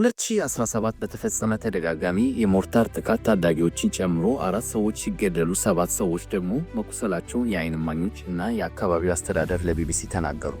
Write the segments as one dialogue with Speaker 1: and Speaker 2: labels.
Speaker 1: 2017 በተፈጸመ ተደጋጋሚ የሞርታር ጥቃት ታዳጊዎችን ጨምሮ አራት ሰዎች ሲገደሉ ሰባት ሰዎች ደግሞ መቁሰላቸውን የአይን እማኞች እና የአካባቢው አስተዳደር ለቢቢሲ ተናገሩ።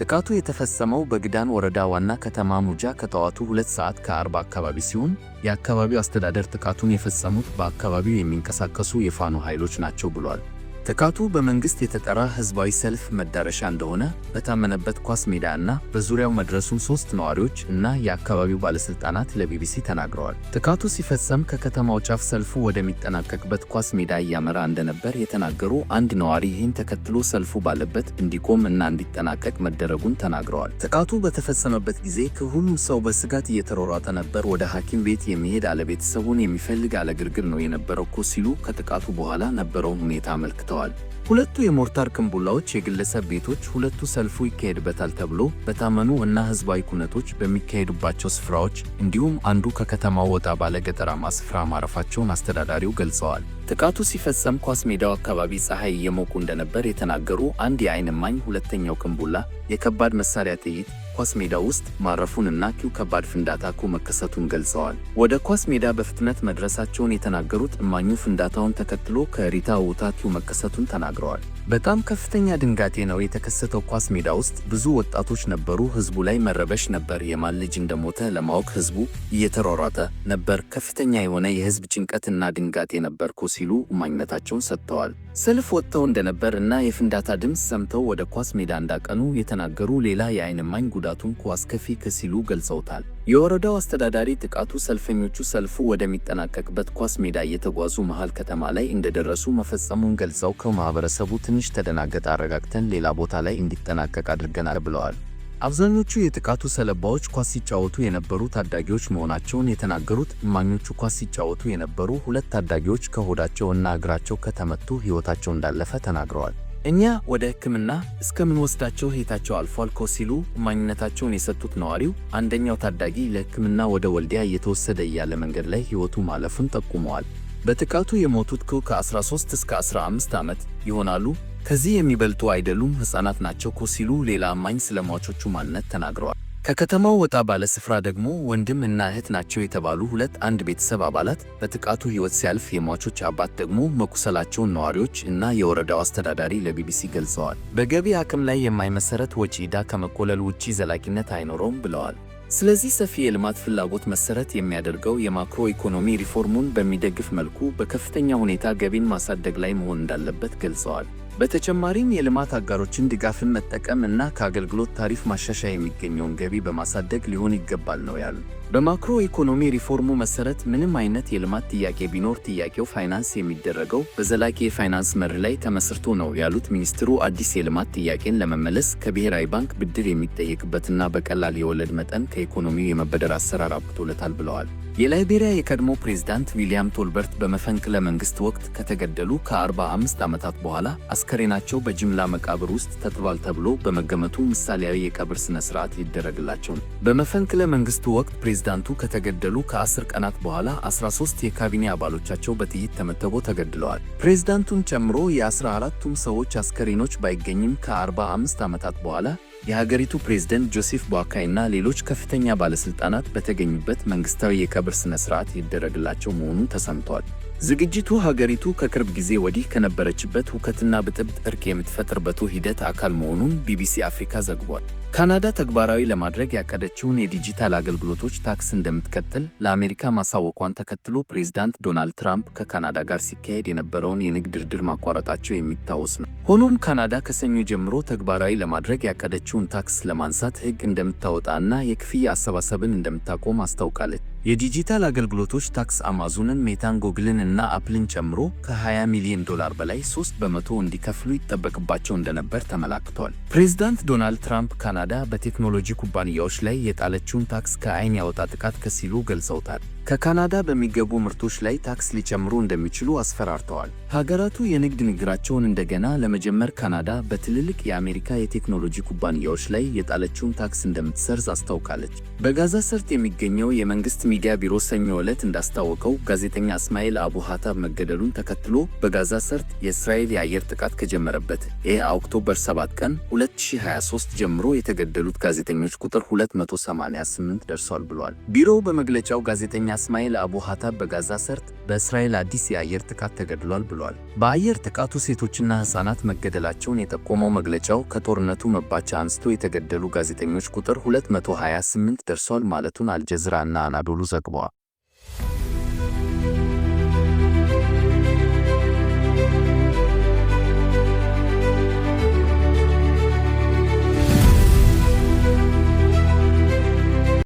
Speaker 1: ጥቃቱ የተፈጸመው በግዳን ወረዳ ዋና ከተማ ሙጃ ከጠዋቱ 2 ሰዓት ከ40 አካባቢ ሲሆን የአካባቢው አስተዳደር ጥቃቱን የፈጸሙት በአካባቢው የሚንቀሳቀሱ የፋኖ ኃይሎች ናቸው ብሏል። ጥቃቱ በመንግስት የተጠራ ሕዝባዊ ሰልፍ መዳረሻ እንደሆነ በታመነበት ኳስ ሜዳ እና በዙሪያው መድረሱን ሶስት ነዋሪዎች እና የአካባቢው ባለስልጣናት ለቢቢሲ ተናግረዋል። ጥቃቱ ሲፈጸም ከከተማው ጫፍ ሰልፉ ወደሚጠናቀቅበት ኳስ ሜዳ እያመራ እንደነበር የተናገሩ አንድ ነዋሪ ይህን ተከትሎ ሰልፉ ባለበት እንዲቆም እና እንዲጠናቀቅ መደረጉን ተናግረዋል። ጥቃቱ በተፈጸመበት ጊዜ ከሁሉም ሰው በስጋት እየተሯሯጠ ነበር። ወደ ሐኪም ቤት የሚሄድ አለቤተሰቡን የሚፈልግ አለግርግር ነው የነበረው እኮ ሲሉ ከጥቃቱ በኋላ ነበረውን ሁኔታ አመልክተዋል። ተመትተዋል። ሁለቱ የሞርታር ቅንቡላዎች የግለሰብ ቤቶች ሁለቱ ሰልፉ ይካሄድበታል ተብሎ በታመኑ እና ህዝባዊ ኩነቶች በሚካሄዱባቸው ስፍራዎች እንዲሁም አንዱ ከከተማው ወጣ ባለ ገጠራማ ስፍራ ማረፋቸውን አስተዳዳሪው ገልጸዋል። ጥቃቱ ሲፈጸም ኳስ ሜዳው አካባቢ ፀሐይ እየሞቁ እንደነበር የተናገሩ አንድ የአይን እማኝ ሁለተኛው ቅንቡላ የከባድ መሳሪያ ጥይት ኳስ ሜዳ ውስጥ እና ኪው ከባድ ፍንዳታ ኮ መከሰቱን ገልጸዋል። ወደ ኳስ ሜዳ በፍጥነት መድረሳቸውን የተናገሩት እማኙ ፍንዳታውን ተከትሎ ከሪታ ውታ ኪው መከሰቱን ተናግረዋል። በጣም ከፍተኛ ድንጋጤ ነው የተከሰተው። ኳስ ሜዳ ውስጥ ብዙ ወጣቶች ነበሩ። ህዝቡ ላይ መረበሽ ነበር። የማን ልጅ እንደሞተ ለማወቅ ህዝቡ እየተሯሯጠ ነበር። ከፍተኛ የሆነ የህዝብ ጭንቀትና ድንጋጤ ነበርኩ ሲሉ እማኝነታቸውን ሰጥተዋል። ሰልፍ ወጥተው እንደነበር እና የፍንዳታ ድምፅ ሰምተው ወደ ኳስ ሜዳ እንዳቀኑ የተናገሩ ሌላ የአይንማኝ ጉዳቱን አስከፊ ከሲሉ ገልጸውታል። የወረዳው አስተዳዳሪ ጥቃቱ ሰልፈኞቹ ሰልፉ ወደሚጠናቀቅበት ኳስ ሜዳ እየተጓዙ መሃል ከተማ ላይ እንደደረሱ መፈጸሙን ገልጸው ከማህበረሰቡ ትንሽ ተደናገጠ፣ አረጋግተን ሌላ ቦታ ላይ እንዲጠናቀቅ አድርገናል ብለዋል። አብዛኞቹ የጥቃቱ ሰለባዎች ኳስ ሲጫወቱ የነበሩ ታዳጊዎች መሆናቸውን የተናገሩት እማኞቹ ኳስ ሲጫወቱ የነበሩ ሁለት ታዳጊዎች ከሆዳቸው እና እግራቸው ከተመቱ ሕይወታቸው እንዳለፈ ተናግረዋል። እኛ ወደ ሕክምና እስከምንወስዳቸው ሕይወታቸው አልፏል እኮ ሲሉ እማኝነታቸውን የሰጡት ነዋሪው አንደኛው ታዳጊ ለሕክምና ወደ ወልዲያ እየተወሰደ እያለ መንገድ ላይ ሕይወቱ ማለፉን ጠቁመዋል። በጥቃቱ የሞቱት እኮ ከ13 እስከ 15 ዓመት ይሆናሉ፣ ከዚህ የሚበልጡ አይደሉም፣ ሕፃናት ናቸው እኮ ሲሉ ሌላ እማኝ ስለ ሟቾቹ ማንነት ተናግረዋል። ከከተማው ወጣ ባለ ስፍራ ደግሞ ወንድም እና እህት ናቸው የተባሉ ሁለት አንድ ቤተሰብ አባላት በጥቃቱ ሕይወት ሲያልፍ የሟቾች አባት ደግሞ መቁሰላቸውን ነዋሪዎች እና የወረዳው አስተዳዳሪ ለቢቢሲ ገልጸዋል። በገቢ አቅም ላይ የማይመሰረት ወጪ ዕዳ ከመቆለል ውጪ ዘላቂነት አይኖረውም ብለዋል። ስለዚህ ሰፊ የልማት ፍላጎት መሰረት የሚያደርገው የማክሮ ኢኮኖሚ ሪፎርሙን በሚደግፍ መልኩ በከፍተኛ ሁኔታ ገቢን ማሳደግ ላይ መሆን እንዳለበት ገልጸዋል። በተጨማሪም የልማት አጋሮችን ድጋፍን መጠቀም እና ከአገልግሎት ታሪፍ ማሻሻያ የሚገኘውን ገቢ በማሳደግ ሊሆን ይገባል ነው ያሉት። በማክሮ ኢኮኖሚ ሪፎርሙ መሰረት ምንም አይነት የልማት ጥያቄ ቢኖር ጥያቄው ፋይናንስ የሚደረገው በዘላቂ የፋይናንስ መርህ ላይ ተመስርቶ ነው ያሉት ሚኒስትሩ አዲስ የልማት ጥያቄን ለመመለስ ከብሔራዊ ባንክ ብድር የሚጠየቅበትና በቀላል የወለድ መጠን ከኢኮኖሚው የመበደር አሰራር አብቅቶለታል ብለዋል። የላይቤሪያ የቀድሞ ፕሬዝዳንት ዊልያም ቶልበርት በመፈንቅለ መንግስት ወቅት ከተገደሉ ከ45 ዓመታት በኋላ አስከሬናቸው በጅምላ መቃብር ውስጥ ተጥሏል ተብሎ በመገመቱ ምሳሌያዊ የቀብር ሥነ ሥርዓት ይደረግላቸው ነው። በመፈንቅለ መንግስቱ ወቅት ፕሬዝዳንቱ ከተገደሉ ከአስር ቀናት በኋላ 13 የካቢኔ አባሎቻቸው በጥይት ተመተው ተገድለዋል። ፕሬዝዳንቱን ጨምሮ የ14ቱም ሰዎች አስከሬኖች ባይገኝም ከ45 ዓመታት በኋላ የሀገሪቱ ፕሬዝደንት ጆሴፍ ቧካይ እና ሌሎች ከፍተኛ ባለሥልጣናት በተገኙበት መንግሥታዊ የቀብር ሥነ ሥርዓት ይደረግላቸው መሆኑን ተሰምቷል። ዝግጅቱ ሀገሪቱ ከቅርብ ጊዜ ወዲህ ከነበረችበት ሁከትና ብጥብጥ እርቅ የምትፈጥርበቱ ሂደት አካል መሆኑን ቢቢሲ አፍሪካ ዘግቧል። ካናዳ ተግባራዊ ለማድረግ ያቀደችውን የዲጂታል አገልግሎቶች ታክስ እንደምትቀጥል ለአሜሪካ ማሳወቋን ተከትሎ ፕሬዚዳንት ዶናልድ ትራምፕ ከካናዳ ጋር ሲካሄድ የነበረውን የንግድ ድርድር ማቋረጣቸው የሚታወስ ነው። ሆኖም ካናዳ ከሰኞ ጀምሮ ተግባራዊ ለማድረግ ያቀደችውን ታክስ ለማንሳት ሕግ እና የክፍያ አሰባሰብን እንደምታቆም አስታውቃለች። የዲጂታል አገልግሎቶች ታክስ አማዞንን፣ ሜታን፣ ጉግልን እና አፕልን ጨምሮ ከ20 ሚሊዮን ዶላር በላይ 3 በመቶ እንዲከፍሉ ይጠበቅባቸው እንደነበር ተመላክቷል። ፕሬዚዳንት ዶናልድ ትራምፕ ካናዳ በቴክኖሎጂ ኩባንያዎች ላይ የጣለችውን ታክስ ከዓይን ያወጣ ጥቃት ሲሉ ገልጸውታል። ከካናዳ በሚገቡ ምርቶች ላይ ታክስ ሊጨምሩ እንደሚችሉ አስፈራርተዋል። ሀገራቱ የንግድ ንግግራቸውን እንደገና ለመጀመር ካናዳ በትልልቅ የአሜሪካ የቴክኖሎጂ ኩባንያዎች ላይ የጣለችውን ታክስ እንደምትሰርዝ አስታውቃለች። በጋዛ ሰርጥ የሚገኘው የመንግስት ሚዲያ ቢሮ ሰኞ ዕለት እንዳስታወቀው ጋዜጠኛ እስማኤል አቡ ሀታብ መገደሉን ተከትሎ በጋዛ ሰርጥ የእስራኤል የአየር ጥቃት ከጀመረበት ይህ ኦክቶበር 7 ቀን 2023 ጀምሮ የተገደሉት ጋዜጠኞች ቁጥር 288 ደርሷል ብሏል። ቢሮው በመግለጫው ጋዜጠኛ እስማኤል አቡ ሀታብ በጋዛ ሰርጥ በእስራኤል አዲስ የአየር ጥቃት ተገድሏል ብሏል። በአየር ጥቃቱ ሴቶችና ሕፃናት መገደላቸውን የጠቆመው መግለጫው ከጦርነቱ መባቻ አንስቶ የተገደሉ ጋዜጠኞች ቁጥር 228 ደርሷል ማለቱን አልጀዚራ እና አናዶሉ ዘግበዋል።